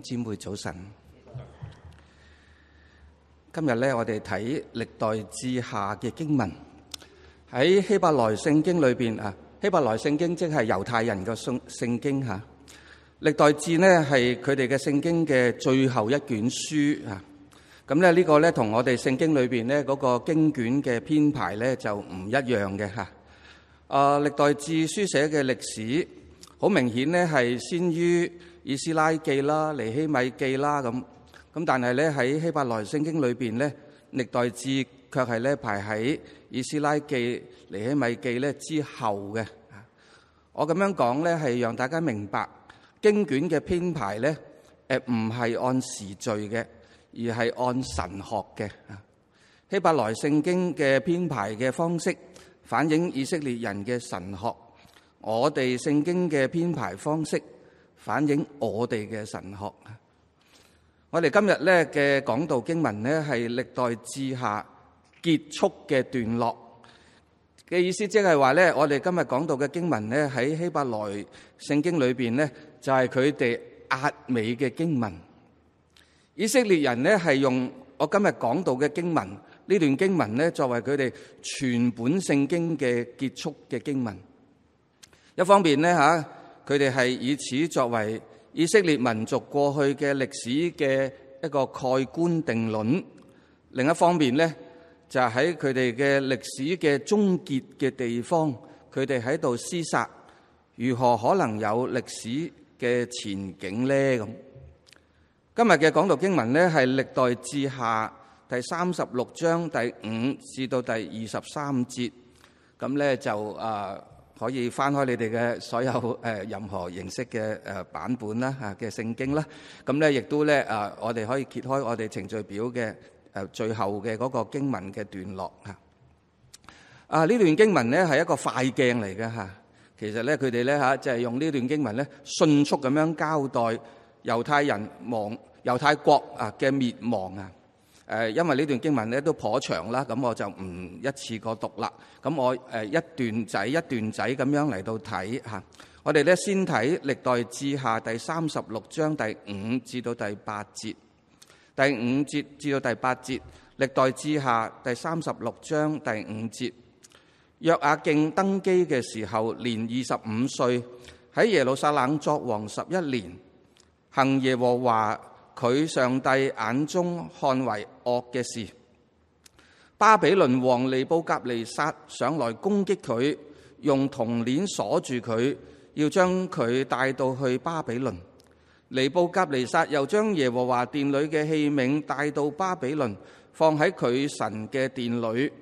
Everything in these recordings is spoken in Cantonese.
姊妹早晨，今日咧，我哋睇歷代志下嘅經文，喺希伯來聖經裏邊啊，希伯來聖經即係猶太人嘅聖聖經吓。歷代志呢係佢哋嘅聖經嘅最後一卷書啊。咁咧呢個咧同我哋聖經裏邊呢嗰個經卷嘅編排咧就唔一樣嘅吓。啊，歷代志書寫嘅歷史好明顯呢係先於。以斯拉記啦、尼希米記啦咁，咁但係咧喺希伯來聖經裏邊咧，歷代志卻係咧排喺以斯拉記、尼希米記咧之後嘅。我咁樣講咧，係讓大家明白經卷嘅編排咧，誒唔係按時序嘅，而係按神學嘅。希伯來聖經嘅編排嘅方式反映以色列人嘅神學，我哋聖經嘅編排方式，反映我哋嘅神學。我哋今日咧嘅講道經文咧，係歷代志下結束嘅段落嘅意思，即係話咧，我哋今日講到嘅經文咧，喺希伯來聖經裏邊咧，就係佢哋壓尾嘅經文。以色列人咧係用我今日講到嘅經文呢段經文咧，作為佢哋全本聖經嘅結束嘅經文。一方面咧吓。佢哋係以此作為以色列民族過去嘅歷史嘅一個蓋棺定論。另一方面呢就喺佢哋嘅歷史嘅終結嘅地方，佢哋喺度廝殺，如何可能有歷史嘅前景呢？咁今日嘅講讀經文呢，係歷代志下第三十六章第五至到第二十三節，咁呢就啊。呃可以翻開你哋嘅所有誒任何形式嘅誒版本啦嚇嘅聖經啦，咁咧亦都咧啊，我哋可以揭開我哋程序表嘅誒最後嘅嗰個經文嘅段落啊。啊，呢段經文咧係一個快鏡嚟嘅吓，其實咧，佢哋咧吓，就係用呢段經文咧迅速咁樣交代猶太人亡、猶太國啊嘅滅亡啊。誒，因為呢段經文咧都頗長啦，咁我就唔一次過讀啦。咁我誒一段仔一段仔咁樣嚟到睇嚇。我哋咧先睇《歷代志下》第三十六章第五至到第八節。第五節至到第八節，《歷代志下》第三十六章第五節。約雅敬登基嘅時候年二十五歲，喺耶路撒冷作王十一年，行耶和華佢上帝眼中看為惡嘅事，巴比倫王尼布甲尼撒上來攻擊佢，用銅鏈鎖住佢，要將佢帶到去巴比倫。尼布甲尼撒又將耶和華殿裏嘅器皿帶到巴比倫，放喺佢神嘅殿裏。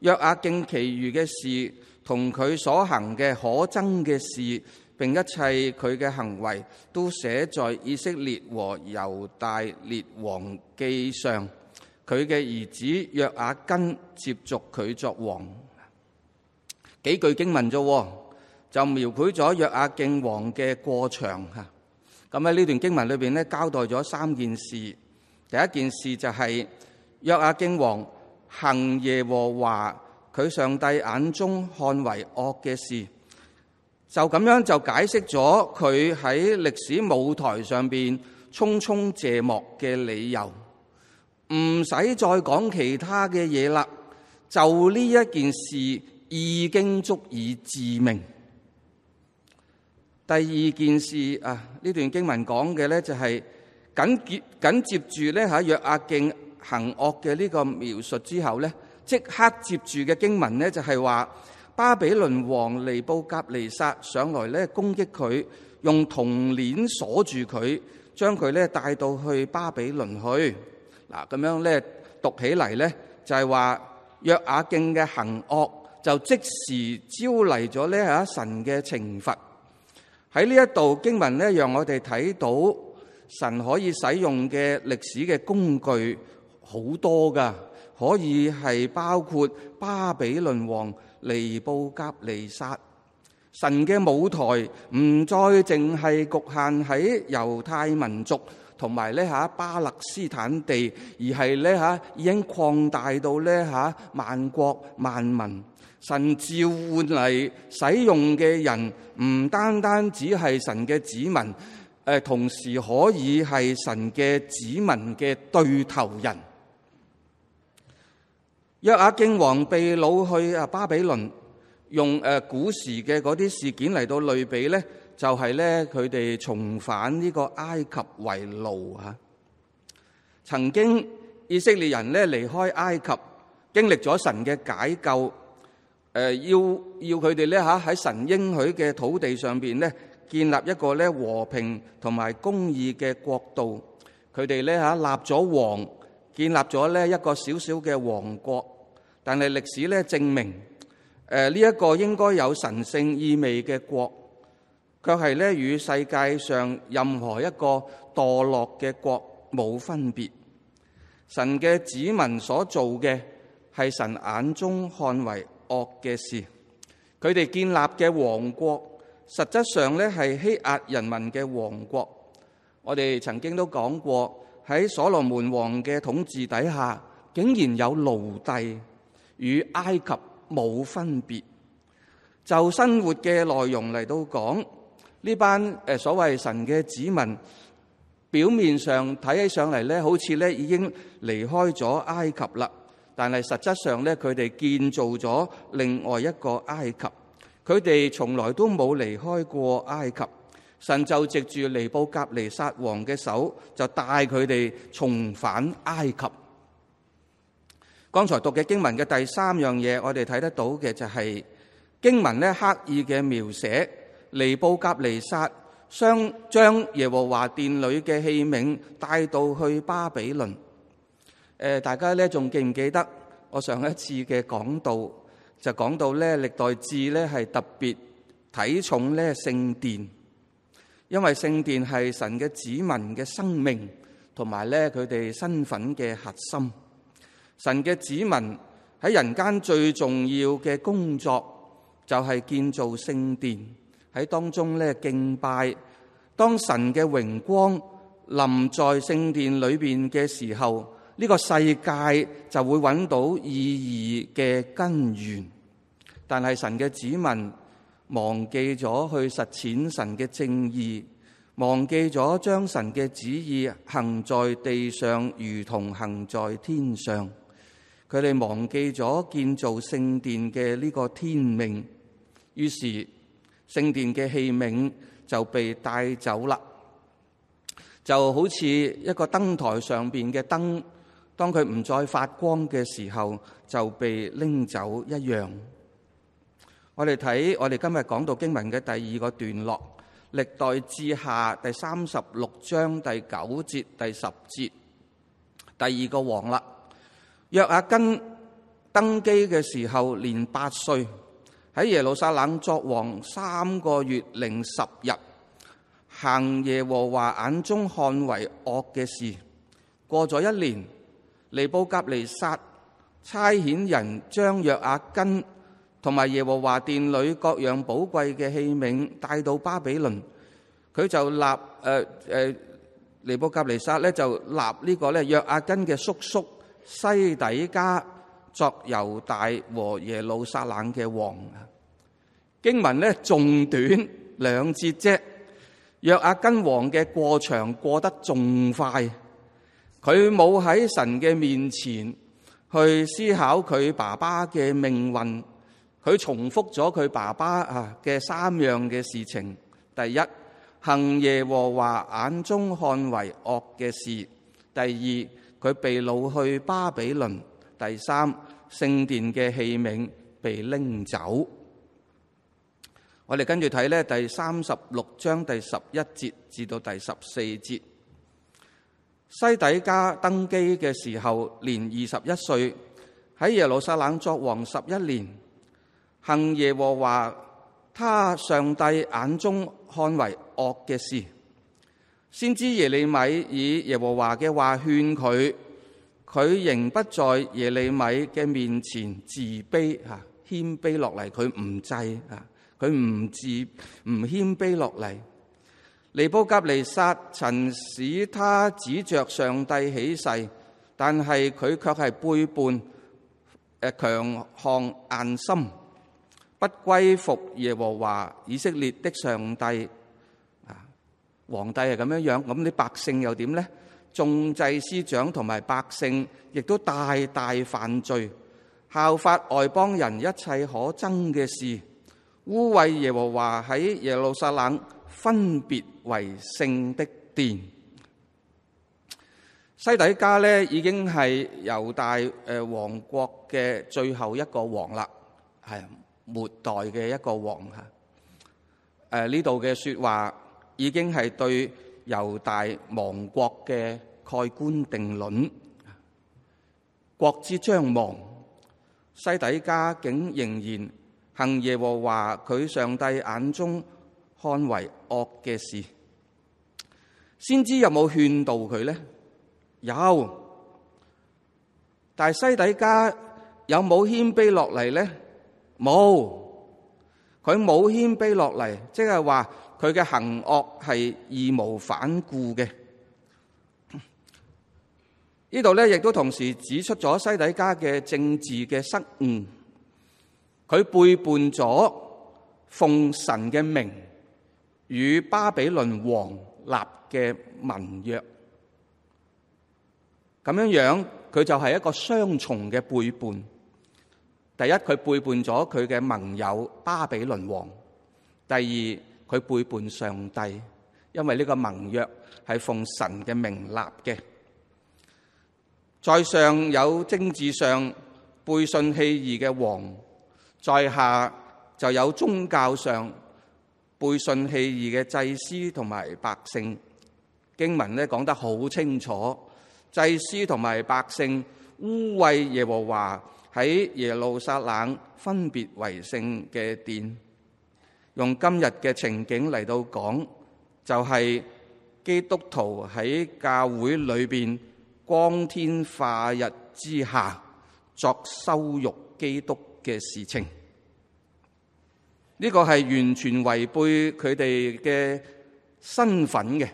約阿敬其餘嘅事。同佢所行嘅可憎嘅事，並一切佢嘅行為都寫在以色列和猶大列王記上。佢嘅兒子約阿斤接續佢作王。幾句經文啫，就描繪咗約阿敬王嘅過場。吓，咁喺呢段經文裏邊咧，交代咗三件事。第一件事就係約阿敬王行耶和華。佢上帝眼中看為惡嘅事，就咁樣就解釋咗佢喺歷史舞台上邊匆匆謝幕嘅理由。唔使再講其他嘅嘢啦，就呢一件事已經足以致命。第二件事啊，呢段經文講嘅咧就係緊，緊接緊接住咧吓約雅敬行惡嘅呢個描述之後咧。即刻接住嘅經文咧，就係話巴比倫王尼布甲尼撒上來咧攻擊佢，用銅鏈鎖住佢，將佢咧帶到去巴比倫去。嗱，咁樣咧讀起嚟咧就係話約雅敬嘅行惡就即時招嚟咗呢吓神嘅懲罰。喺呢一度經文咧讓我哋睇到神可以使用嘅歷史嘅工具好多噶可以係包括巴比倫王尼布甲尼撒，神嘅舞台唔再淨係局限喺猶太民族同埋呢吓巴勒斯坦地，而係呢吓已經擴大到呢吓萬國萬民，神召喚嚟使用嘅人唔單單只係神嘅子民，誒同時可以係神嘅子民嘅對頭人。約阿經王被擄去啊巴比倫，用誒古時嘅嗰啲事件嚟到類比咧，就係咧佢哋重返呢個埃及為奴。啊！曾經以色列人咧離開埃及，經歷咗神嘅解救，誒要要佢哋咧嚇喺神應許嘅土地上邊咧建立一個咧和平同埋公義嘅國度，佢哋咧嚇立咗王，建立咗咧一個小小嘅王國。但係歷史咧證明，誒呢一個應該有神聖意味嘅國，卻係咧與世界上任何一個墮落嘅國冇分別。神嘅子民所做嘅係神眼中看為惡嘅事，佢哋建立嘅王國實質上咧係欺壓人民嘅王國。我哋曾經都講過，喺所羅門王嘅統治底下，竟然有奴隸。與埃及冇分別，就生活嘅內容嚟到講，呢班誒所謂神嘅子民，表面上睇起上嚟咧，好似咧已經離開咗埃及啦，但係實質上咧，佢哋建造咗另外一個埃及，佢哋從來都冇離開過埃及。神就藉住尼布甲尼撒王嘅手，就帶佢哋重返埃及。剛才讀嘅經文嘅第三樣嘢，我哋睇得到嘅就係、是、經文咧，刻意嘅描寫尼布甲尼撒將將耶和華殿裏嘅器皿帶到去巴比倫。誒、呃，大家咧仲記唔記得？我上一次嘅講道就講到咧，歷代志咧係特別睇重咧聖殿，因為聖殿係神嘅子民嘅生命，同埋咧佢哋身份嘅核心。神嘅子民喺人間最重要嘅工作就係建造聖殿，喺當中咧敬拜。當神嘅榮光臨在聖殿裏邊嘅時候，呢個世界就會揾到意義嘅根源。但係神嘅子民忘記咗去實踐神嘅正義，忘記咗將神嘅旨意行在地上，如同行在天上。佢哋忘記咗建造聖殿嘅呢個天命，於是聖殿嘅器皿就被帶走啦，就好似一個燈台上面嘅燈，當佢唔再發光嘅時候就被拎走一樣。我哋睇我哋今日講到經文嘅第二個段落，《歷代志下》第三十六章第九節第十節，第二個王啦。約阿金登基嘅時候，年八歲，喺耶路撒冷作王三個月零十日，行耶和華眼中看為惡嘅事。過咗一年，尼布甲尼撒差遣人將約雅斤同埋耶和華殿裏各樣寶貴嘅器皿帶到巴比倫，佢就立誒誒尼布甲尼撒咧就立呢個咧約雅斤嘅叔叔。西底家作猶大和耶路撒冷嘅王啊，經文呢，仲短兩節啫。約阿根王嘅過場過得仲快，佢冇喺神嘅面前去思考佢爸爸嘅命運。佢重複咗佢爸爸啊嘅三樣嘅事情：第一，行耶和華眼中看為惡嘅事；第二。佢被擄去巴比倫。第三，聖殿嘅器皿被拎走。我哋跟住睇咧第三十六章第十一節至到第十四節。西底家登基嘅時候年二十一歲，喺耶路撒冷作王十一年，行耶和華他上帝眼中看為惡嘅事。先知耶利米以耶和華嘅話勸佢，佢仍不在耶利米嘅面前自卑吓謙卑落嚟，佢唔制吓，佢唔自唔謙卑落嚟。尼布甲尼撒曾使他指着上帝起誓，但係佢卻係背叛誒強項硬心，不歸服耶和華以色列的上帝。皇帝係咁樣樣，咁啲百姓又點呢？眾祭司長同埋百姓亦都大大犯罪，效法外邦人一切可憎嘅事，污穢耶和華喺耶路撒冷分別為聖的殿。西底家咧已經係猶大誒王國嘅最後一個王啦，係末代嘅一個王嚇。誒呢度嘅説話。已經係對猶大亡國嘅蓋棺定論。國之將亡，西底家竟仍然行耶和華佢上帝眼中看為惡嘅事，先知有冇勸導佢咧？有，但係西底家有冇謙卑落嚟咧？冇，佢冇謙卑落嚟，即係話。佢嘅行惡係義無反顧嘅。呢度咧，亦都同時指出咗西底家嘅政治嘅失誤。佢背叛咗奉神嘅名，與巴比倫王立嘅盟約。咁樣樣，佢就係一個雙重嘅背叛。第一，佢背叛咗佢嘅盟友巴比倫王；第二。佢背叛上帝，因為呢個盟約係奉神嘅名立嘅。在上有政治上背信棄義嘅王，在下就有宗教上背信棄義嘅祭司同埋百姓。經文咧講得好清楚，祭司同埋百姓污穢耶和華喺耶路撒冷分別為聖嘅殿。用今日嘅情景嚟到講，就係、是、基督徒喺教會裏邊光天化日之下作羞辱基督嘅事情。呢、這個係完全違背佢哋嘅身份嘅，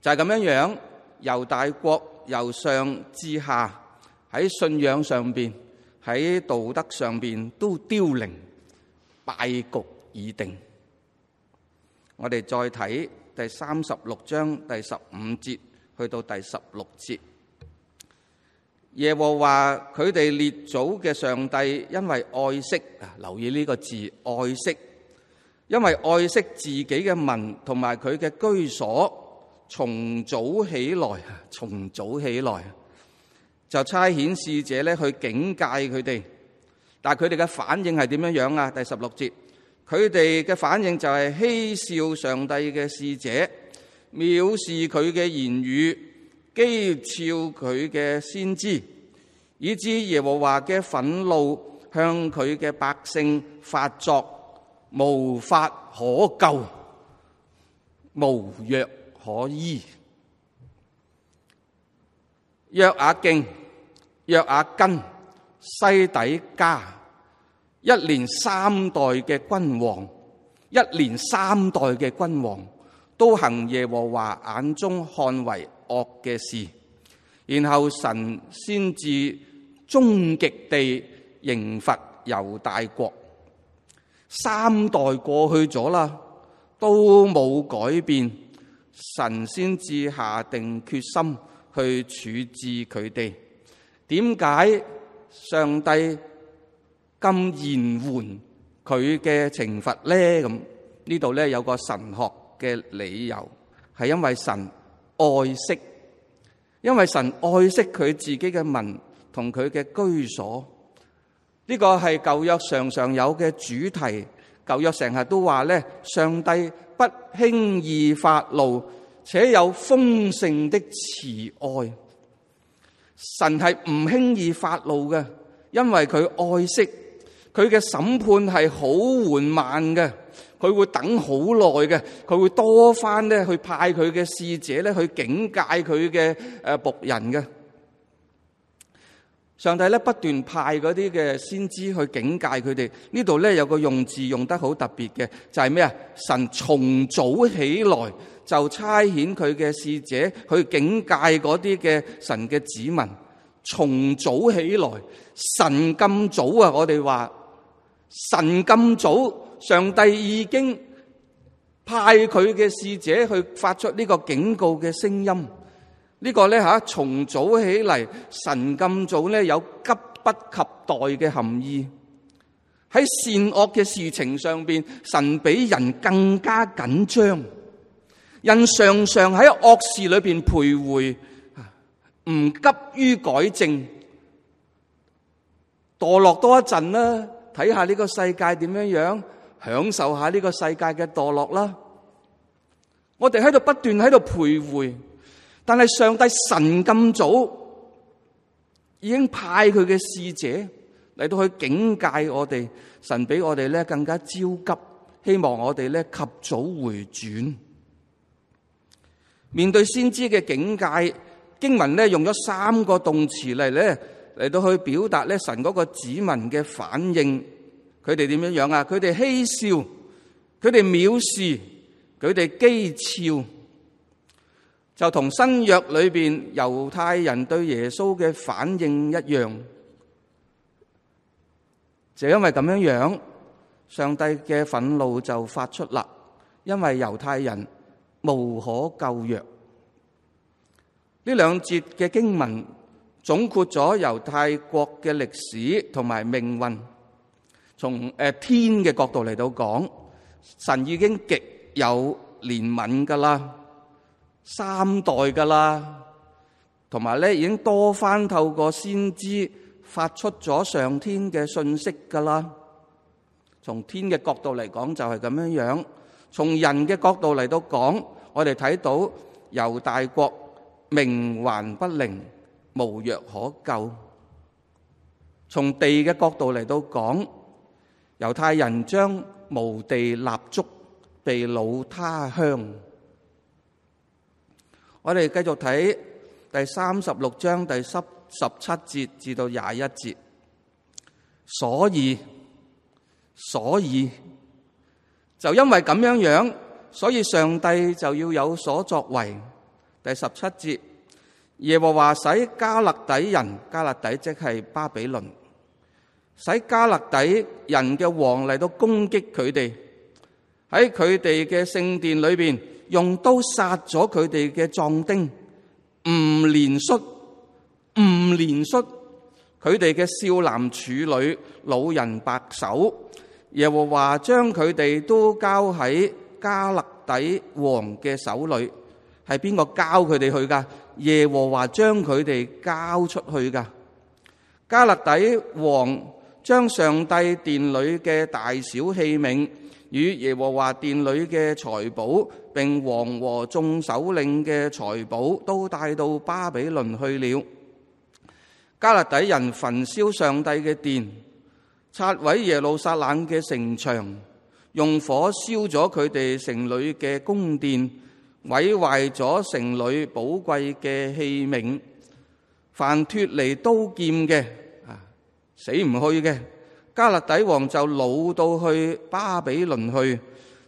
就係、是、咁樣樣由大國由上至下喺信仰上邊喺道德上邊都凋零。敗局已定，我哋再睇第三十六章第十五節去到第十六節。耶和華佢哋列祖嘅上帝因為愛惜啊，留意呢個字愛惜，因為愛惜自己嘅民同埋佢嘅居所，從早起來，從早起來，就差遣使者咧去警戒佢哋。但係佢哋嘅反應係點樣啊？第十六節，佢哋嘅反應就係、是、嬉笑上帝嘅使者，藐視佢嘅言語，譏誚佢嘅先知，以至耶和華嘅憤怒向佢嘅百姓發作，無法可救，無藥可醫。約阿敬，約阿根。西底家一連三代嘅君王，一連三代嘅君王都行耶和華眼中看為惡嘅事，然後神先至終極地刑罰猶大國。三代過去咗喇，都冇改變，神先至下定決心去處置佢哋。點解？上帝咁延緩佢嘅懲罰咧，咁呢度咧有個神學嘅理由，係因為神愛惜，因為神愛惜佢自己嘅民同佢嘅居所。呢個係舊約常常有嘅主題，舊約成日都話咧，上帝不輕易發怒，且有豐盛的慈愛。神係唔輕易發怒嘅，因為佢愛惜，佢嘅審判係好緩慢嘅，佢會等好耐嘅，佢會多翻咧去派佢嘅使者咧去警戒佢嘅誒僕人嘅。上帝咧不斷派嗰啲嘅先知去警戒佢哋。呢度咧有個用字用得好特別嘅，就係咩啊？神從早起來。就差遣佢嘅使者去警戒嗰啲嘅神嘅子民，從早起來。神咁早啊！我哋話神咁早，上帝已經派佢嘅使者去發出呢個警告嘅聲音。這個、呢個咧吓從早起嚟，神咁早咧有急不及待嘅含義。喺善惡嘅事情上邊，神比人更加緊張。人常常喺惡事裏邊徘徊，唔急於改正，墮落多一陣啦。睇下呢個世界點樣樣，享受下呢個世界嘅墮落啦。我哋喺度不斷喺度徘徊，但係上帝神咁早已經派佢嘅使者嚟到去警戒我哋。神俾我哋咧更加焦急，希望我哋咧及早回轉。面對先知嘅警戒，經文咧用咗三個動詞嚟咧嚟到去表達咧神嗰個子民嘅反應，佢哋點樣呀？啊？佢哋嬉笑，佢哋藐視，佢哋譏笑，就同新約裏面猶太人對耶穌嘅反應一樣。就因為咁樣樣，上帝嘅憤怒就發出啦，因為猶太人。無可救藥。呢兩節嘅經文總括咗猶太國嘅歷史同埋命運，從誒、呃、天嘅角度嚟到講，神已經極有憐憫噶啦，三代噶啦，同埋咧已經多番透過先知發出咗上天嘅信息噶啦，從天嘅角度嚟講就係咁樣樣。從人嘅角度嚟到講，我哋睇到猶大國命還不靈，無藥可救。從地嘅角度嚟到講，猶太人將無地立足，被擄他鄉。我哋繼續睇第三十六章第十十七節至到廿一節，所以，所以。就因為咁樣樣，所以上帝就要有所作為。第十七節，耶和華使加勒底人，加勒底即係巴比倫，使加勒底人嘅王嚟到攻擊佢哋，喺佢哋嘅聖殿裏邊用刀殺咗佢哋嘅壯丁，唔憐恤，唔憐恤，佢哋嘅少男處女、老人白叟。耶和華將佢哋都交喺迦勒底王嘅手裏，係邊個交佢哋去㗎？耶和華將佢哋交出去㗎。迦勒底王將上帝殿裏嘅大小器皿與耶和華殿裏嘅財寶，並王和眾首領嘅財寶都帶到巴比倫去了。迦勒底人焚燒上帝嘅殿。拆毀耶路撒冷嘅城牆，用火燒咗佢哋城裏嘅宮殿，毀壞咗城裏寶貴嘅器皿。凡脫離刀劍嘅，啊，死唔去嘅，加勒底王就擄到去巴比倫去，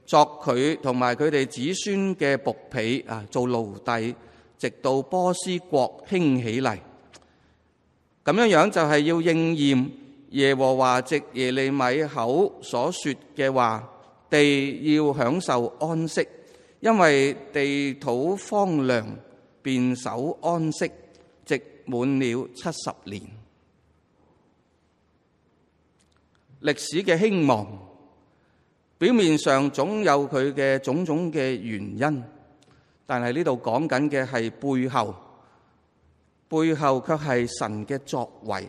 作佢同埋佢哋子孫嘅僕婢啊，做奴隸，直到波斯國興起嚟。咁樣樣就係要應驗。耶和華藉耶利米口所說嘅話，地要享受安息，因為地土荒涼，便守安息，直滿了七十年。歷史嘅興亡，表面上總有佢嘅種種嘅原因，但係呢度講緊嘅係背後，背後卻係神嘅作為。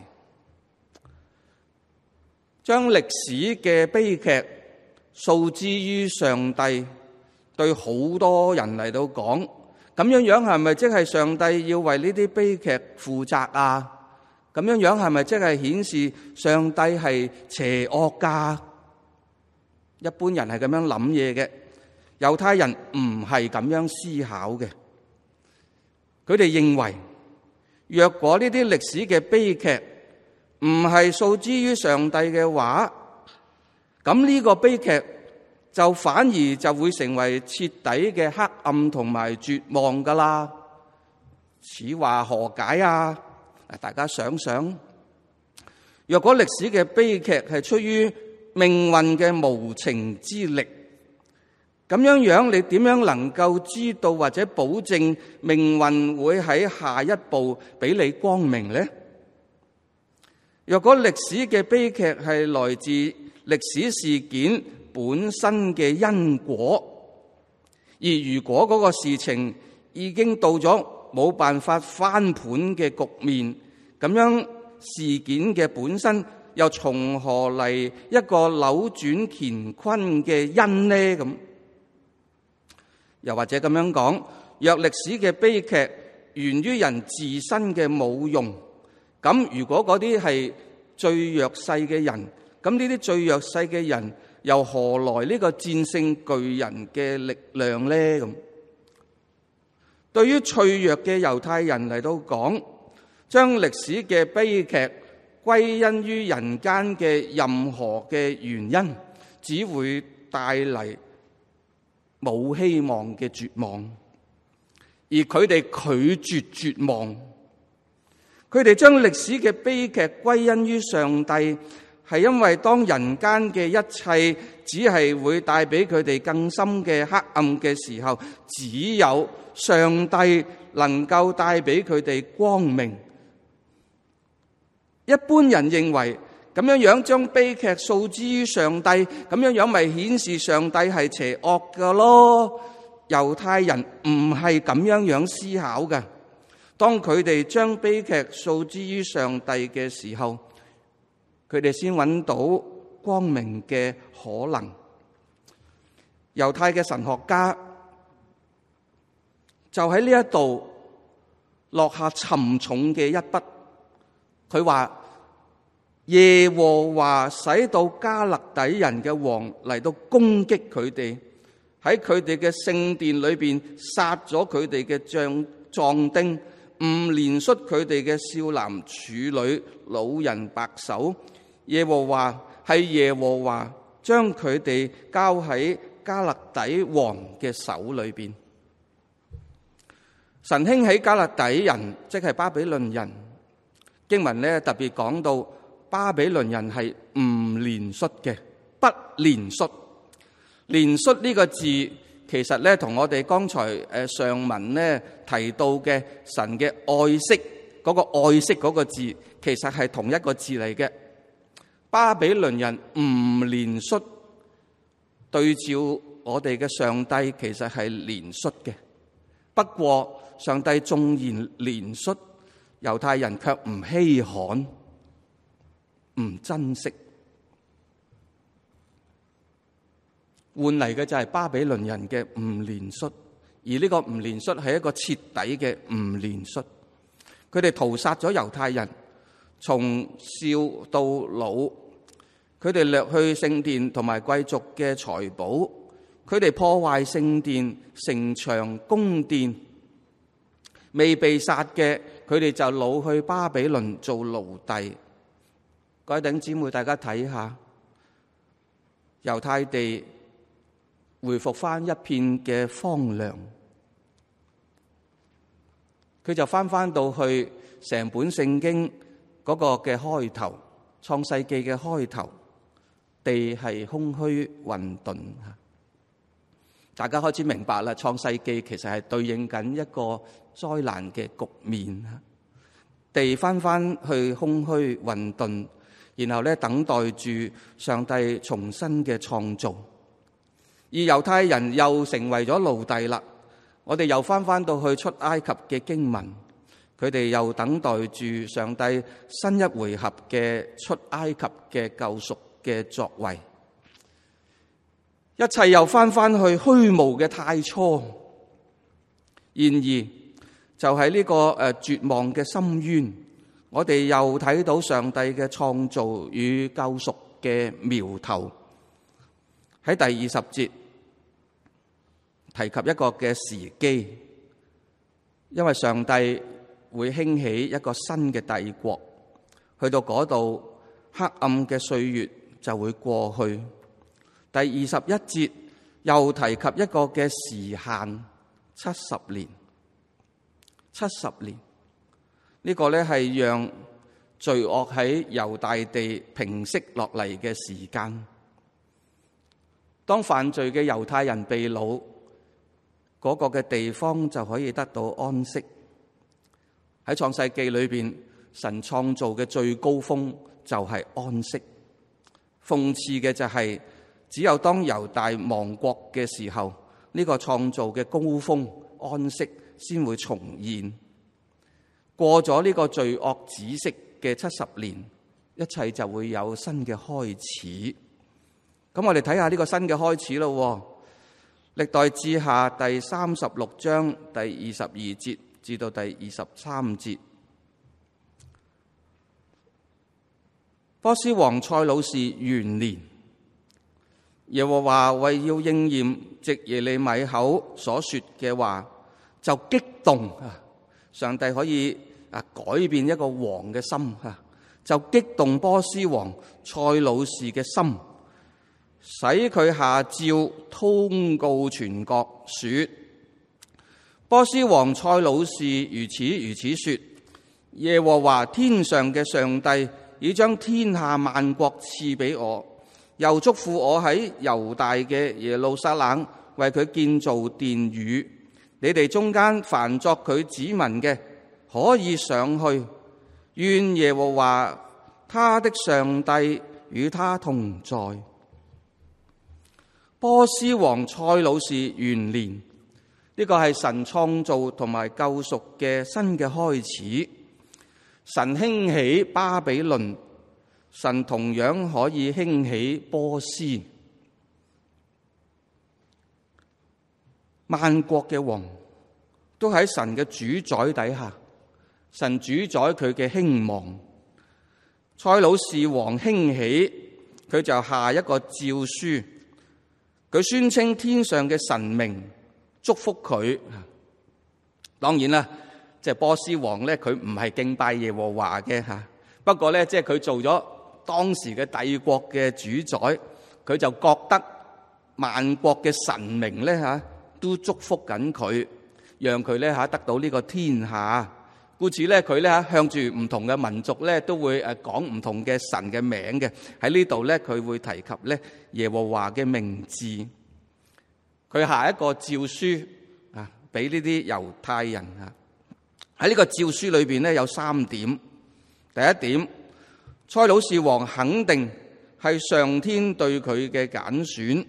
將歷史嘅悲劇訴之於上帝，對好多人嚟到講，咁樣樣係咪即係上帝要為呢啲悲劇負責啊？咁樣樣係咪即係顯示上帝係邪惡噶啊？一般人係咁樣諗嘢嘅，猶太人唔係咁樣思考嘅。佢哋認為，若果呢啲歷史嘅悲劇，唔係訴之於上帝嘅話，咁呢個悲劇就反而就會成為徹底嘅黑暗同埋絕望噶啦。此話何解啊？大家想想，若果歷史嘅悲劇係出於命運嘅無情之力，咁樣樣你點樣能夠知道或者保證命運會喺下一步俾你光明呢？若果歷史嘅悲劇係來自歷史事件本身嘅因果，而如果嗰個事情已經到咗冇辦法翻盤嘅局面，咁樣事件嘅本身又從何嚟一個扭轉乾坤嘅因呢？咁，又或者咁樣講，若歷史嘅悲劇源於人自身嘅冇用。咁如果嗰啲係最弱勢嘅人，咁呢啲最弱勢嘅人又何來呢個戰勝巨人嘅力量咧？咁對於脆弱嘅猶太人嚟到講，將歷史嘅悲劇歸因於人間嘅任何嘅原因，只會帶嚟冇希望嘅絕望，而佢哋拒絕絕望。佢哋將歷史嘅悲劇歸因於上帝，係因為當人間嘅一切只係會帶俾佢哋更深嘅黑暗嘅時候，只有上帝能夠帶俾佢哋光明。一般人認為咁樣樣將悲劇訴之於上帝，咁樣樣咪顯示上帝係邪惡嘅咯？猶太人唔係咁樣樣思考嘅。當佢哋將悲劇訴之於上帝嘅時候，佢哋先揾到光明嘅可能。猶太嘅神學家就喺呢一度落下沉重嘅一筆。佢話耶和華使到迦勒底人嘅王嚟到攻擊佢哋，喺佢哋嘅聖殿裏邊殺咗佢哋嘅將壯丁。唔憐恤佢哋嘅少男處女、老人白首，耶和華係，耶和華將佢哋交喺加勒底王嘅手裏邊。神興喺加勒底人，即係巴比倫人。經文咧特別講到巴比倫人係唔憐恤嘅，不憐恤。憐恤呢個字。其實咧，同我哋剛才誒上文咧提到嘅神嘅愛惜、嗰個愛惜個字，其實係同一個字嚟嘅。巴比倫人唔憐恤，對照我哋嘅上帝其實係憐恤嘅。不過上帝縱然憐恤，猶太人卻唔稀罕，唔珍惜。換嚟嘅就係巴比倫人嘅唔憐恤，而呢個唔憐恤係一個徹底嘅唔憐恤。佢哋屠殺咗猶太人，從少到老，佢哋掠去聖殿同埋貴族嘅財寶，佢哋破壞聖殿、城牆、宮殿。未被殺嘅，佢哋就擄去巴比倫做奴隸。各位弟兄姊妹，大家睇下猶太地。回復翻一片嘅荒涼，佢就翻翻到去成本聖經嗰個嘅開頭，創世紀嘅開頭，地係空虛混沌。大家開始明白啦，創世紀其實係對應緊一個災難嘅局面。地翻翻去空虛混沌，然後咧等待住上帝重新嘅創造。而猶太人又成為咗奴隸啦，我哋又翻翻到去出埃及嘅經文，佢哋又等待住上帝新一回合嘅出埃及嘅救贖嘅作為，一切又翻翻去虛無嘅太初，然而就係呢個誒絕望嘅深淵，我哋又睇到上帝嘅創造與救贖嘅苗頭。喺第二十節提及一個嘅時機，因為上帝會興起一個新嘅帝國，去到嗰度黑暗嘅歲月就會過去。第二十一節又提及一個嘅時限，七十年，七十年，呢、這個咧係讓罪惡喺猶大地平息落嚟嘅時間。當犯罪嘅猶太人被擄，嗰、那個嘅地方就可以得到安息。喺創世記裏邊，神創造嘅最高峰就係安息。諷刺嘅就係、是，只有當猶大亡國嘅時候，呢、這個創造嘅高峰安息先會重現。過咗呢個罪惡止息嘅七十年，一切就會有新嘅開始。咁我哋睇下呢個新嘅開始咯。歷代志下第三十六章第二十二節至到第二十三節，波斯王塞魯士元年，耶和華為要應驗藉耶利米口所說嘅話，就激動啊！上帝可以啊改變一個王嘅心啊，就激動波斯王塞魯士嘅心。使佢下詔通告全國，説：波斯王塞魯士如此如此說，耶和華天上嘅上帝已將天下萬國賜俾我，又囑咐我喺猶大嘅耶路撒冷為佢建造殿宇。你哋中間凡作佢子民嘅可以上去，願耶和華他的上帝與他同在。波斯王塞魯士元年，呢、這個係神創造同埋救贖嘅新嘅開始。神興起巴比倫，神同樣可以興起波斯。萬國嘅王都喺神嘅主宰底下，神主宰佢嘅興亡。塞魯士王興起，佢就下一個詔書。佢宣稱天上嘅神明祝福佢，當然啦，即係波斯王咧，佢唔係敬拜耶和華嘅嚇。不過咧，即係佢做咗當時嘅帝國嘅主宰，佢就覺得萬國嘅神明咧嚇都祝福緊佢，讓佢咧嚇得到呢個天下。故此咧，佢咧向住唔同嘅民族咧，都會誒講唔同嘅神嘅名嘅。喺呢度咧，佢會提及咧耶和華嘅名字。佢下一個詔書啊，俾呢啲猶太人啊，喺呢個詔書裏面，咧有三點。第一點，塞魯士王肯定係上天對佢嘅揀選。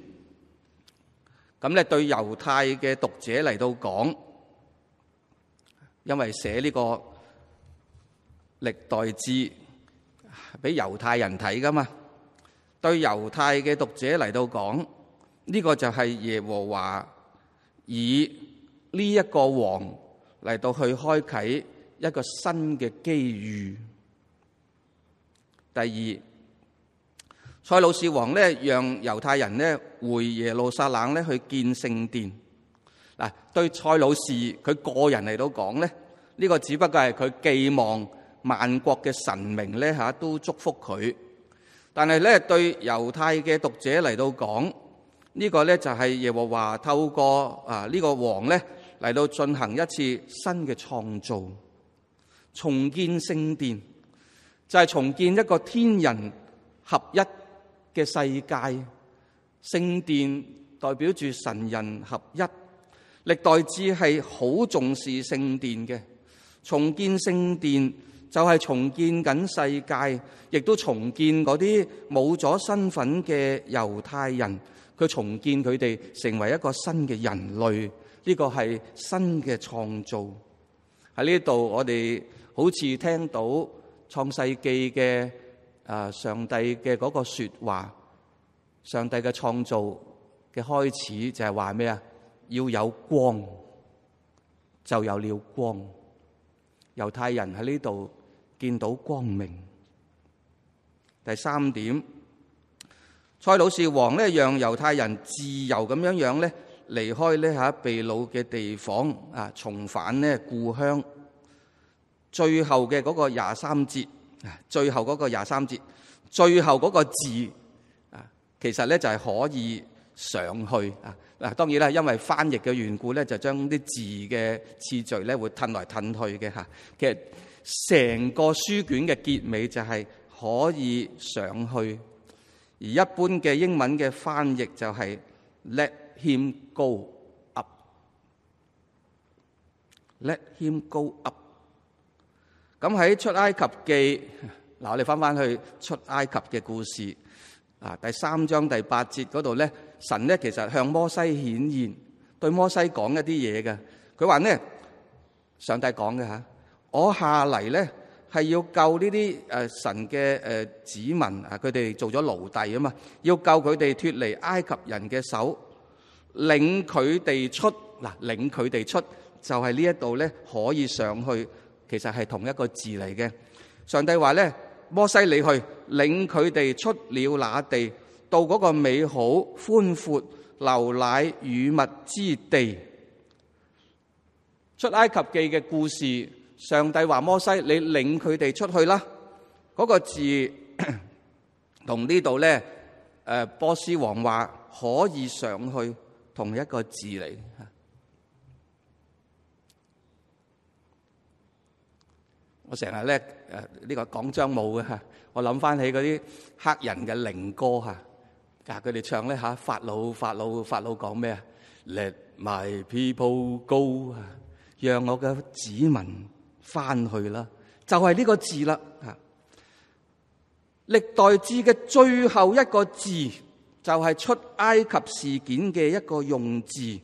咁咧對猶太嘅讀者嚟到講。因為寫呢個歷代志俾猶太人睇噶嘛，對猶太嘅讀者嚟到講，呢、這個就係耶和華以呢一個王嚟到去開啟一個新嘅機遇。第二，塞魯士王咧，讓猶太人咧回耶路撒冷咧去建聖殿。嗱，對蔡老士，佢個人嚟到講咧，呢、這個只不過係佢寄望萬國嘅神明咧嚇都祝福佢。但係咧，對猶太嘅讀者嚟到講，呢、這個咧就係耶和華透過啊呢個王咧嚟到進行一次新嘅創造，重建聖殿就係、是、重建一個天人合一嘅世界。聖殿代表住神人合一。歷代志係好重視聖殿嘅，重建聖殿就係重建緊世界，亦都重建嗰啲冇咗身份嘅猶太人。佢重建佢哋成為一個新嘅人類，呢個係新嘅創造。喺呢度我哋好似聽到創世紀嘅啊上帝嘅嗰個說話，上帝嘅創造嘅開始就係話咩啊？要有光，就有了光。猶太人喺呢度見到光明。第三點，賽魯士王呢，讓猶太人自由咁樣樣咧，離開呢，嚇被擄嘅地方啊，重返呢，故鄉。最後嘅嗰個廿三節，最後嗰個廿三節，最後嗰個字啊，其實呢就係可以。上去啊！嗱，當然啦，因為翻譯嘅緣故咧，就將啲字嘅次序咧會褪來褪去嘅吓。其實成個書卷嘅結尾就係可以上去，而一般嘅英文嘅翻譯就係 Let him go up，let him go up。咁喺出埃及記嗱，我哋返返去出埃及嘅故事啊，第三章第八節嗰度咧。神咧其實向摩西顯現，對摩西講一啲嘢嘅。佢話：「咧，上帝講嘅吓，我下嚟咧係要救呢啲誒神嘅誒子民啊，佢哋做咗奴隸啊嘛，要救佢哋脫離埃及人嘅手，領佢哋出嗱，領佢哋出就係呢一度咧可以上去，其實係同一個字嚟嘅。上帝話：「咧，摩西你去領佢哋出了那地。到嗰個美好、寬闊、流奶與蜜之地，出埃及記嘅故事，上帝話摩西，你領佢哋出去啦。嗰、嗰個字同呢度咧，誒，波斯王話可以上去，同一個字嚟。我成日咧，誒，呢個講章，冇嘅吓，我諗翻起嗰啲黑人嘅靈歌吓。啊！佢哋唱咧吓，法老，法老，法老講咩啊？Let my people go 啊！讓我嘅子民翻去啦，就係、是、呢個字啦吓。歷代志嘅最後一個字，就係、是、出埃及事件嘅一個用字。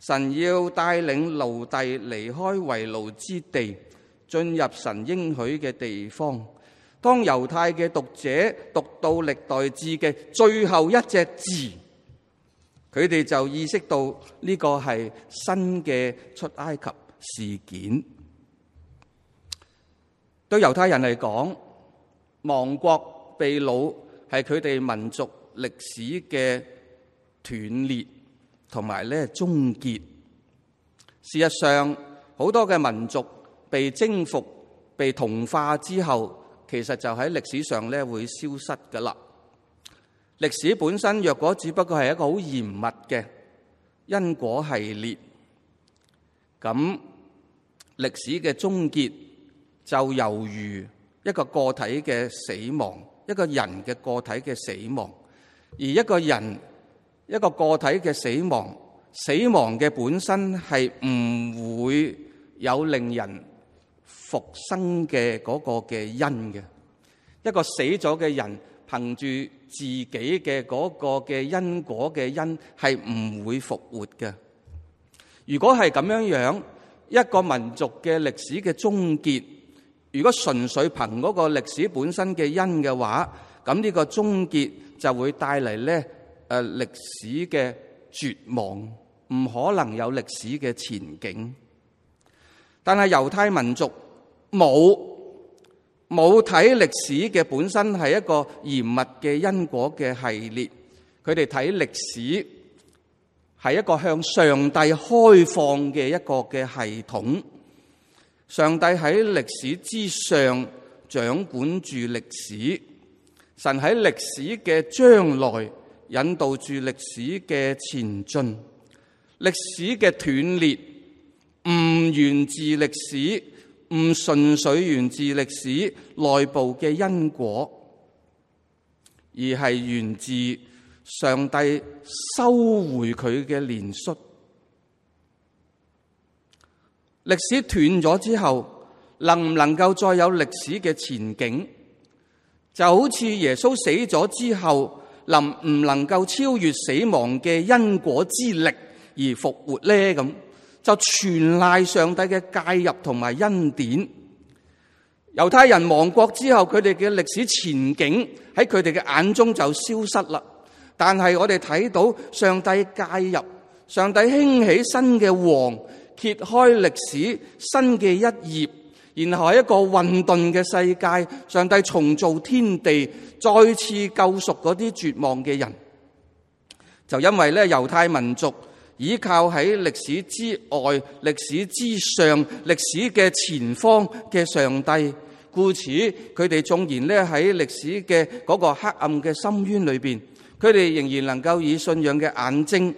神要帶領奴隸離開為奴之地，進入神應許嘅地方。當猶太嘅讀者讀到歷代志嘅最後一隻字，佢哋就意識到呢個係新嘅出埃及事件。對猶太人嚟講，亡國被擄係佢哋民族歷史嘅斷裂同埋咧終結。事實上，好多嘅民族被征服、被同化之後。其實就喺歷史上咧會消失㗎喇。歷史本身若果只不過係一個好嚴密嘅因果系列，咁歷史嘅終結就猶如一個個體嘅死亡，一個人嘅個體嘅死亡。而一個人一個個體嘅死亡，死亡嘅本身係唔會有令人。復生嘅嗰個嘅因嘅一個死咗嘅人，憑住自己嘅嗰個嘅因果嘅因，係唔會復活嘅。如果係咁樣樣，一個民族嘅歷史嘅終結，如果純粹憑嗰個歷史本身嘅因嘅話，咁呢個終結就會帶嚟咧誒歷史嘅絕望，唔可能有歷史嘅前景。但係猶太民族冇冇睇歷史嘅本身係一個嚴密嘅因果嘅系列，佢哋睇歷史係一個向上帝開放嘅一個嘅系統。上帝喺歷史之上掌管住歷史，神喺歷史嘅將來引導住歷史嘅前進，歷史嘅斷裂。唔源自歷史，唔純粹源自歷史內部嘅因果，而係源自上帝收回佢嘅連縮。歷史斷咗之後，能唔能夠再有歷史嘅前景？就好似耶穌死咗之後，能唔能夠超越死亡嘅因果之力而復活咧？咁？就全賴上帝嘅介入同埋恩典，猶太人亡國之後，佢哋嘅歷史前景喺佢哋嘅眼中就消失啦。但係我哋睇到上帝介入，上帝興起新嘅王，揭開歷史新嘅一頁，然後喺一個混沌嘅世界，上帝重造天地，再次救贖嗰啲絕望嘅人，就因為咧猶太民族。依靠喺歷史之外、歷史之上、歷史嘅前方嘅上帝，故此佢哋縱然呢喺歷史嘅嗰個黑暗嘅深淵裏面，佢哋仍然能夠以信仰嘅眼睛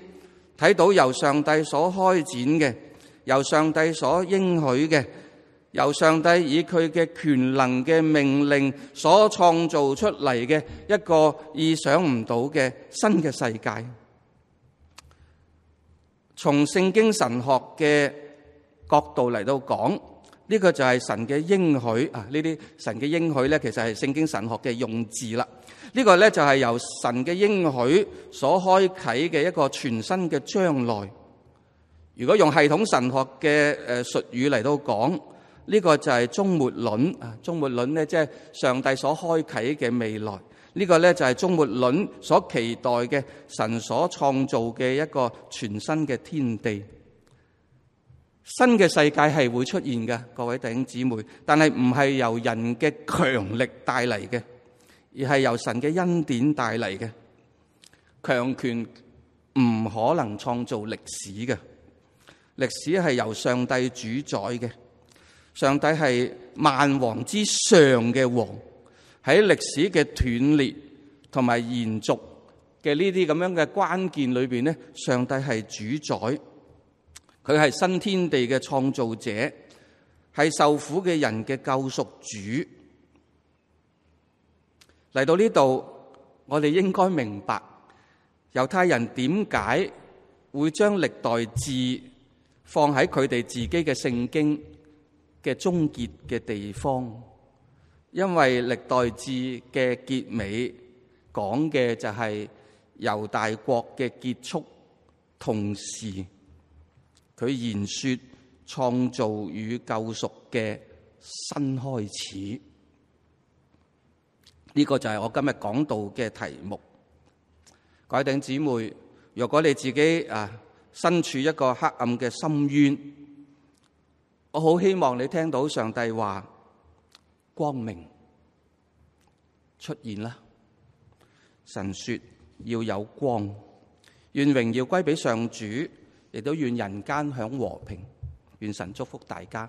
睇到由上帝所開展嘅、由上帝所應許嘅、由上帝以佢嘅權能嘅命令所創造出嚟嘅一個意想唔到嘅新嘅世界。從聖經神學嘅角度嚟到講，呢個就係神嘅應許啊！呢啲神嘅應許咧，其實係聖經神學嘅用字啦。呢個咧就係由神嘅應許所開啓嘅一個全新嘅將來。如果用系統神學嘅誒術語嚟到講，呢個就係終末論啊！終末論咧，即係上帝所開啓嘅未來。呢個咧就係終末論所期待嘅神所創造嘅一個全新嘅天地，新嘅世界係會出現嘅，各位弟兄姊妹。但係唔係由人嘅強力帶嚟嘅，而係由神嘅恩典帶嚟嘅。強權唔可能創造歷史嘅，歷史係由上帝主宰嘅，上帝係萬王之上嘅王。喺歷史嘅斷裂同埋延續嘅呢啲咁樣嘅關鍵裏邊咧，上帝係主宰，佢係新天地嘅創造者，係受苦嘅人嘅救贖主。嚟到呢度，我哋應該明白猶太人點解會將歷代志放喺佢哋自己嘅聖經嘅終結嘅地方。因為歷代志嘅結尾講嘅就係猶大國嘅結束，同時佢言說創造與救贖嘅新開始。呢、這個就係我今日講道嘅題目。各位姊妹，若果你自己啊身處一個黑暗嘅深淵，我好希望你聽到上帝話。光明出現喇，神說要有光。願榮耀歸畀上主，亦都願人間享和平。願神祝福大家。